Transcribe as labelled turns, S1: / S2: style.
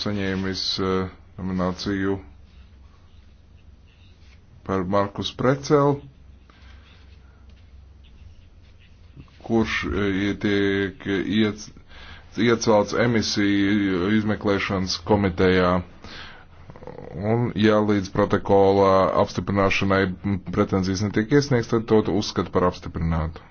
S1: saņēmis e, nomināciju par Markus Precelu, kurš e, tiek iecelts emisiju izmeklēšanas komitejā. Un, ja līdz protokola apstiprināšanai pretenzijas netiek iesniegts, tad to uzskata par apstiprinātu.